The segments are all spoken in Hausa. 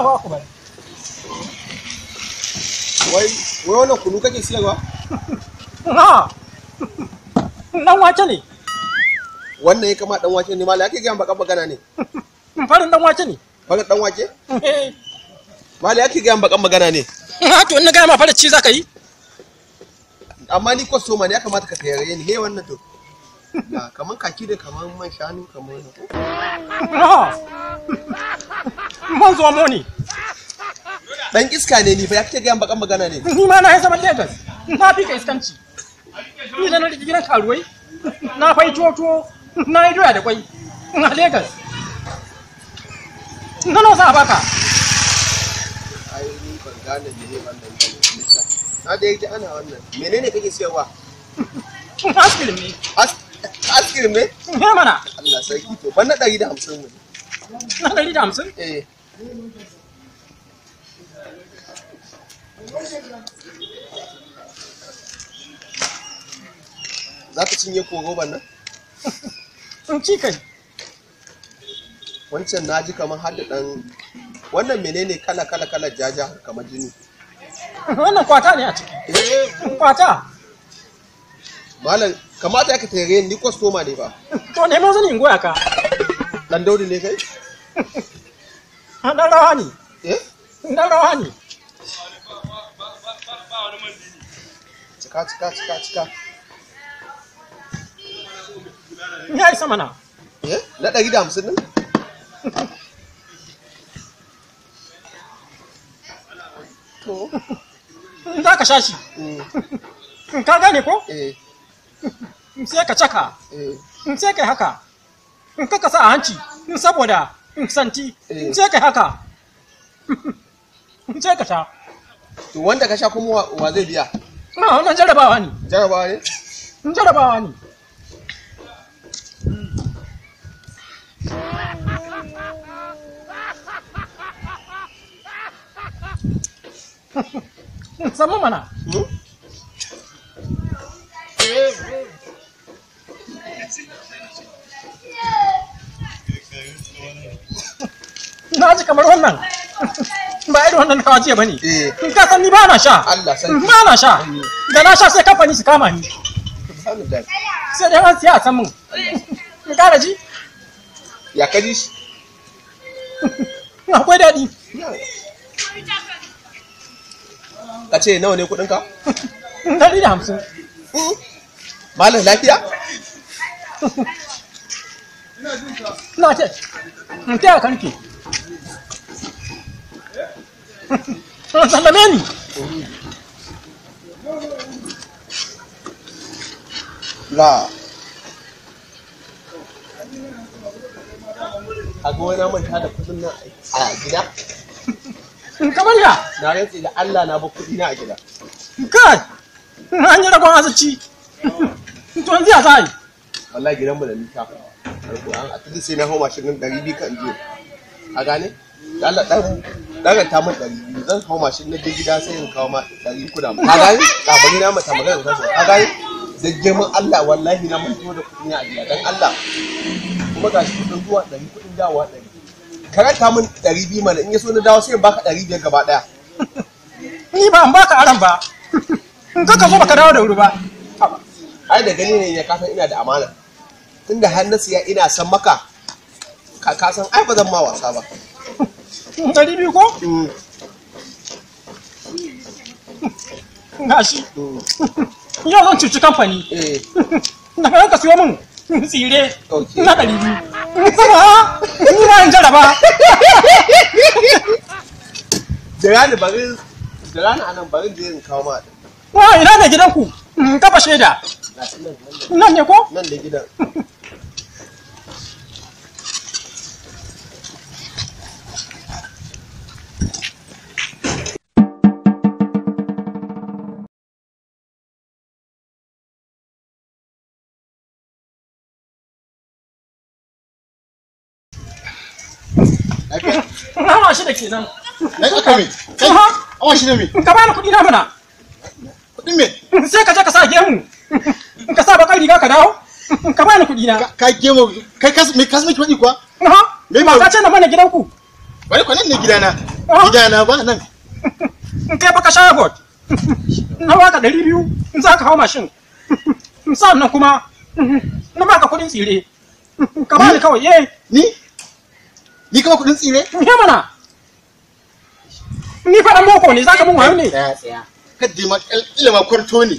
Allahu akbar wai wai wannan kunu kake siyarwa ha dan wace ne wannan ya kama dan wace ne mala yake ga baka magana mm, ne farin dan wace ne eh. farin dan wace mala yake ga baka magana ne ha to in na ma farin ci zaka yi amma ni ma ne ya kamata ka tayare eh, ni he eh, wannan to kaman kaki da kaman man shanu kaman mun zo mu ne dan iska ne ni fa ya kike ga bakan magana ne ni ma na yi zaman Lagos na fi ka iskanci ni da na riki gidan karuwai na fai toto na yi doya da kwai a Lagos na nawa sa baka ai ni ban gane ne wannan na da yake ana wannan menene kake siyarwa askirin ne askirin ne ya mana Allah sarki to ban na 150 ne na 150 eh za ka cinye ko roban nan? ci kai wancan na ji kamar hada dan wannan menene kala kala kala jaja kamar jini wannan kwata ne a ciki eh kwata malam kamata ka tare ni kwastoma ne ba to ne ma sanin ka dan daudi ne kai a ɗan rawa eh? ne rawa ne cika cika cika cika ya yi sama eh? na ɗari da hamsin nan to za ka sha shi eh. ka gane ko sai ka caka sai ka haka ka sa a hanci saboda santi ce eh. ka haka ce ka sha to wanda ka sha kuma wa zai biya na wannan jarabawa ne jarabawa ne jarabawa ne sama mana na aji kamar wannan ba irin wannan kawo jiya bane eh. in ka san ni ba na sha ba na sha da na sha sai kamfani su kama ni sai dai an siya a san mun in kara ji ya ka ji akwai daɗi ka ce nawa ne kuɗinka ɗari da hamsin hmm? malam lafiya na ce in taya kanke sallame ni la a ga wani ta da kudin nan a gida kamar ya na rantsi da Allah na ba kudi na a gida kai an yi ragon azuci to yanzu ya sa ni wallahi gidan mu da mita alƙur'an a tudu sai na hau mashin nan ɗari biyu kan jiya a gane da Allah ɗan daga ta mun ɗari biyu zan hau mashin na je gida sai in kawo ma ɗari uku da mu ka gani kafin na mata magana ta A gani da girman Allah wallahi na mun da kuɗi ne a gida dan Allah kuma ga shi kuɗin zuwa ɗari kuɗin dawowa ɗari karanta mun ɗari biyu mana in ya so na dawo sai in baka ɗari biyar gaba ɗaya ni ba in baka aran ba in ka zo baka dawo da wuri ba ai da gani ne ya kasan ina da amana tunda har na siya ina san maka ka san ai ba zan ma wasa ba ɗari ko? na shi yau zan cuci kamfani daga yanka ka siyo min tsire na ɗari biyu sama ni ma yin jaraba anan da yin kawo ma wa ina ne gidanku mm, kafa shaida nan ne ko nan da gidan awa shida kenan dan aka me awa shida me ka bani kuɗi na mana sai ka je ka sa gemu in sa bakar riga ka dawo bani kuɗi na ka gemu kai kas kas kuɗi kuwa ba ka ce na mana gidan ku wai kwanan ne gidana gidana ba nan kai baka shaya bot na waka ɗari biyu in za ka hau mashin sannan kuma na baka kuɗin tsire ka bani kawai ye eh. ni ni kawai kuɗin tsire mana ni faɗan boko ne zaka bin wayo ne tsaya tsaya kaddi ma ilima kwarto ne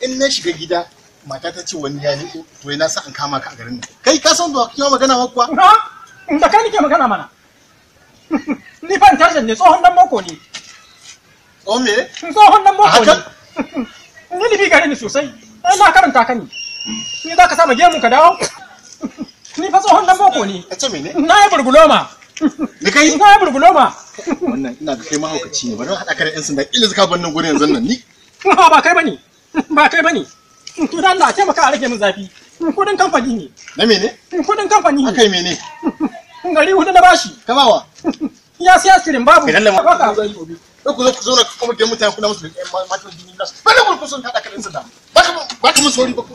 in na shiga gida mata ta ce wani ya niko to ina sa an kama ka a garin nan kai ka san da kiyo magana ma kuwa da kai ke magana mana ni fa intelligent ne tsohon dan boko ne tsohon me tsohon dan boko ne ni bi gare ni sosai ai na karanta ka ne ni za ka sa gemu ka dawo ni fa tsohon dan boko ne na yi burguloma da kai ina burbulo ma wannan ina da kai mahaukaci ne bari haɗa ka da yan sanda ila zaka ban nan gurin yanzu nan ni ba kai bane ba kai bane to dan Allah taimaka a rage min zafi kudin kamfani ne na mene kudin kamfani ne akai mene gari hudu na bashi ka bawa ya siya sirin babu idan lamar baka ku zo ku zo kuma ga mutane kuna musu matan jini nasu bari ku sun haɗa ka da yan sanda ba ka ba ka musu wani ba ku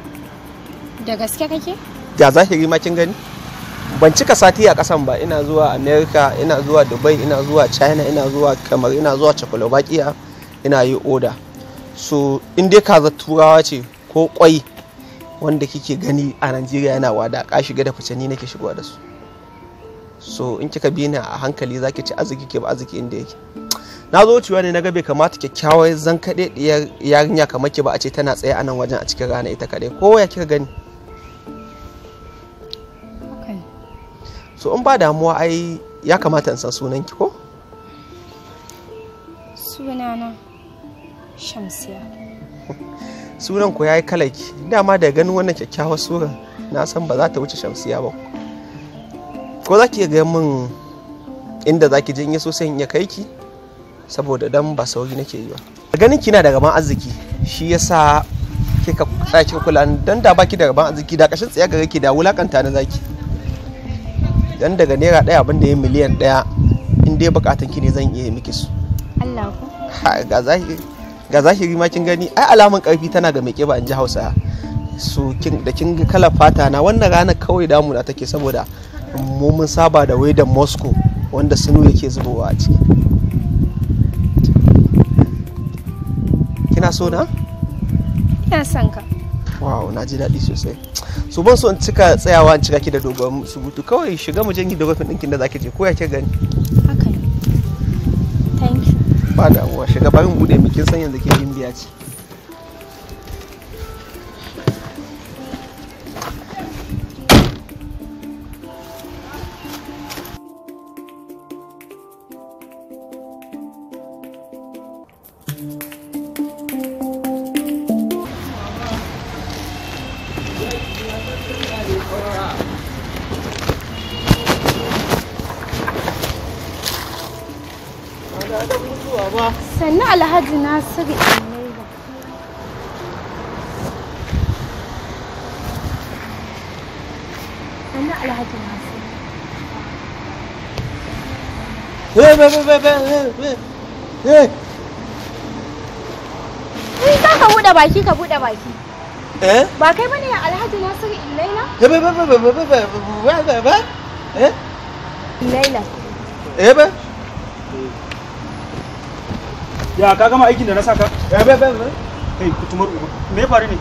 da gaske kake da zahiri ma kin gani ban cika sati a kasan ba ina zuwa america ina zuwa dubai ina zuwa china ina zuwa kamar ina zuwa czechoslovakia ina yi oda so in dai kaza turawa ce ko kwai wanda kike gani a najeriya yana wada ka shiga da fice ni nake shigowa da su so in kika bi ni a hankali zaki ci arziki ke ba arziki inda yake na zo wucewa ne na ga bai kamata kyakkyawar zan kaɗe yarinya kamar ki ba a ce tana tsaye a nan wajen a cikin rana ita kaɗai ko ya kika gani so in ba damuwa ai ya kamata in san sunan ki ko sunana shamsiya sunan ku yayi kalaki dama da ganin wannan kyakkyawar suran na san ba za ta wuce shamsiya ba ko za ki ga min inda za ki janye sosai in ya kai ki saboda dan ba sauri nake yi ba ganin kina da gaban arziki shi yasa kika tsaya kika kula dan da baki da gaban arziki da kashin tsaya ga kake da wulakanta na zaki dan daga naira ɗaya abin da ya miliyan ɗaya in dai bukatun ki ne zan iya miki su Allah ku ga zahiri ma kin gani ai alamun karfi tana ga mai kiba in ji Hausa su da kin ga kalar fata na wannan ranar kawai damu na take saboda mu mun saba da da Moscow wanda sunu yake zubowa a ciki kina so na ina son ka wow na ji daɗi sosai Su ban so in cika tsayawa in cika ki da dogon surutu kawai shiga mu jangi da rufin ɗinkin da zaki je ko ya ke gani haka ne thank you ba damuwa shiga bayan bude mikin san yanzu ke yin biya ce sannu alhaji nasiru almaiga sannu alhaji nasiru Hey, hey, hey, hey, hey, hey. Ni za ka buɗe baki ka buɗe baki. Eh? Ba kai bane Alhaji Nasiru Illaila? Eh ba ba ba ba ba ba ba ba. Eh? Illaila. Eh ba? ya ka gama aikin da na saka ya bai bai bai kai kutumar uba me faru ne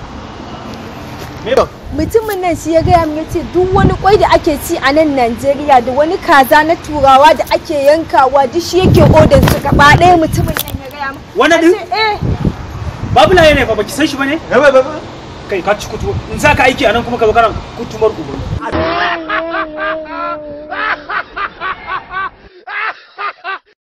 me ba mutumin nan shi ya gaya min yace duk wani kwai da ake ci a nan Najeriya da wani kaza na turawa da ake yankawa duk shi yake odin su gaba ɗaya mutumin nan ya gaya min wani din eh babu laye ne fa baki san shi bane eh bai bai kai ka ci kutu in saka aiki a nan kuma ka bakaran kutumar uba